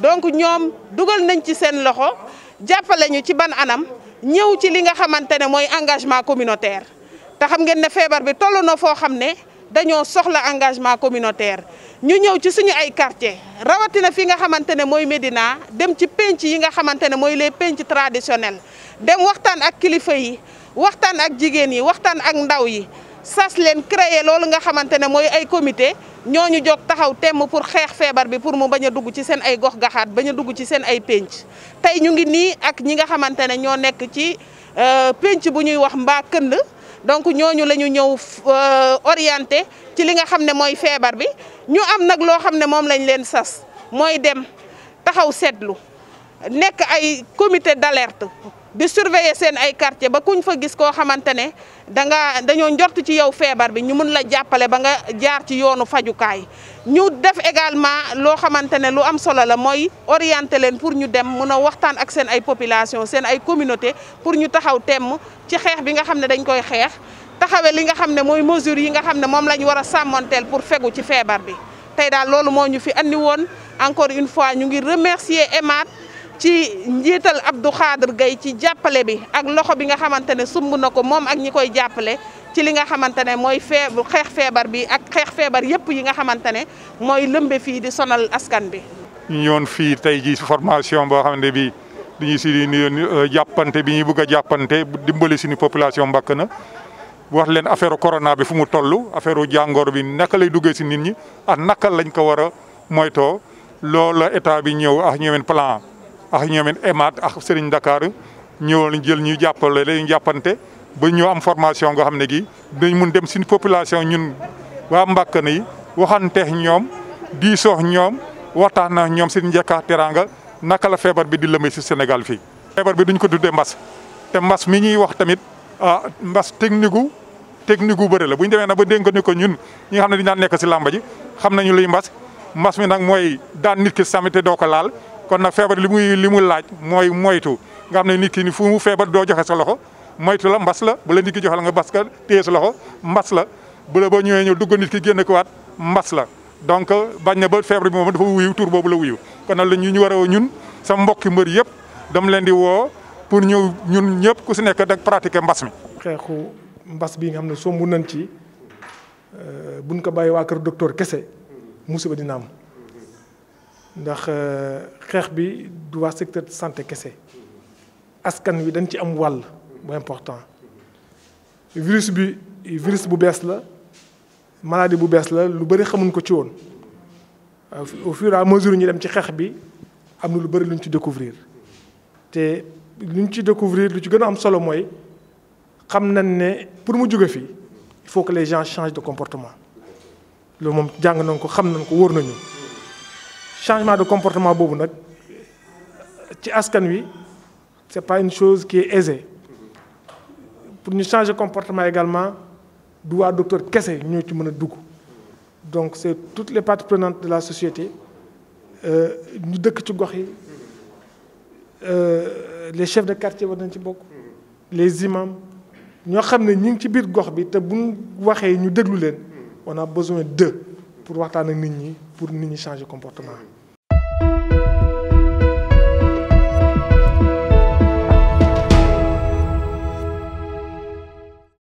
donc ñoom dugal nañ ci seen loxo jàppale ñu ci ban anam ñëw ci li nga xamante ne mooy engagement communautaire te xam ngeen ne feebar bi toll na foo xam ne dañoo soxla engagement communautaire ñu ñëw ci suñu ay quartier rawatina fi nga xamante ne mooy Médina dem ci penc yi nga xamante ne mooy les penc traditionnels dem waxtaan ak kilifa yi waxtaan ak jigéen yi waxtaan ak ndaw yi sas leen créer loolu nga xamante ne mooy ay comité ñoo ñu jóg taxaw temm pour xeex feebar bi pour mu bañ a dugg ci seen ay gox gaxaat bañ a dugg ci seen ay pénc tey ñu ngi nii ak ñi nga xamante ne ñoo nekk ci euh, pénc bu ñuy wax mbaa kënd donc ñooñu la ñu ñëw euh, orienté ci li nga xam ne mooy feebar bi ñu am nag loo xam ne moom lañ leen sas mooy dem taxaw seetlu nek ay comité d'alerte di surveiller sen ay quartier ba kuñ fa gis ko xamantene da nga ci yow bi ñu la ba nga jaar ci yoonu def également lo lu am solo la orienter pour ñu dem mëna waxtaan ak sen ay population sen ay communauté pour ñu taxaw tém ci bi nga dañ koy li pour fegu ci bi fi andi encore une fois ñu remercier EMAD ci njiital Abdou Khader gay ci jàppale bi ak loxo bi nga xamante ne sumb na ko moom ak ñi koy jàppale ci li nga xamante ne mooy fee xeex feebar bi ak xeex feebar yëpp yi nga xamante ne mooy lëmbe fii di sonal askan bi. ñu ñëwoon fii tey jii formation boo xam ne bii dañuy si nuyoon euh, jàppante bi ñuy bëgg a jàppante dimbali suñu population mbakk na wax leen affaire corona bi fu mu toll affaire jàngoor bi naka lay duggee si nit ñi ak naka lañ ko war a moytoo loola état bi ñëw ak ñëween ak ñoom emat ak Serigne Dakar ñëwoon jël ñu jàppale leen jappanté ba ñu am formation nga xamné gi dañ mun dem sin population ñun wa Mbàkkane yi waxanteex ñoom sox ñoom waxtaan na ñoom seen jaka teranga naka la feebar bi di lëmbee ci Sénégal fi feebar bi duñ ko tuddee mbass té mbass mi ñi wax tamit ah mbass technique technique bu bëri la bu ñu demee ba dénk ko ñun ñi nga xam dañ daan ji xamnañu luy mbass mbass mi nak moy daan nit ki samité doko laal kon nag febar limuy limuy laaj moy moytu nga xamne nit ki ni fu mu febar do joxe sa loxo moytu la mbass la bu la nit ki joxal nga baskal tey sa loxo mbass la bu la bo ñewé ñu dugg nit ki genn ko wat mbass la donc bañ na ba febar mo dafa wuyu tour bobu la wuyu kon na la ñu ñu war ñun sa mbokk mbeur yépp dam leen di wo pour ñu ñun ñëpp ku nekk dak pratiquer mbass mi xexu mbass bi nga xamne sombu nañ ci euh, buñ ko baye wa keur docteur musiba dina am ndax euh, xeex bi du waa secteur de santé kese askan wi dañ ci am wal bu important virus bi virus bu bess la maladie bu bess la lu bari xamuñ ko ci won. au fur et à mesure ñu dem ci xex bi am lu bari lu ci découvrir Té lu ci découvrir lu ci gëna am solo moy xam nañ né pour mu jugé fi il faut que les gens changent de comportement loolu mom jang nañ ko xam nañ ko wóor nañu changement de comportement ce n'est c'est pas une chose qui est aisée pour nous changer comportement également doit docteur kessé ñu ci mëna donc c'est toutes les parties prenantes de la société euh, ñu euh, les chefs de quartier les imams nous xamné que ngi ci biir gox bi buñ on a besoin d'eux pour waxtaan ak nit ñi pour nit de changer comportement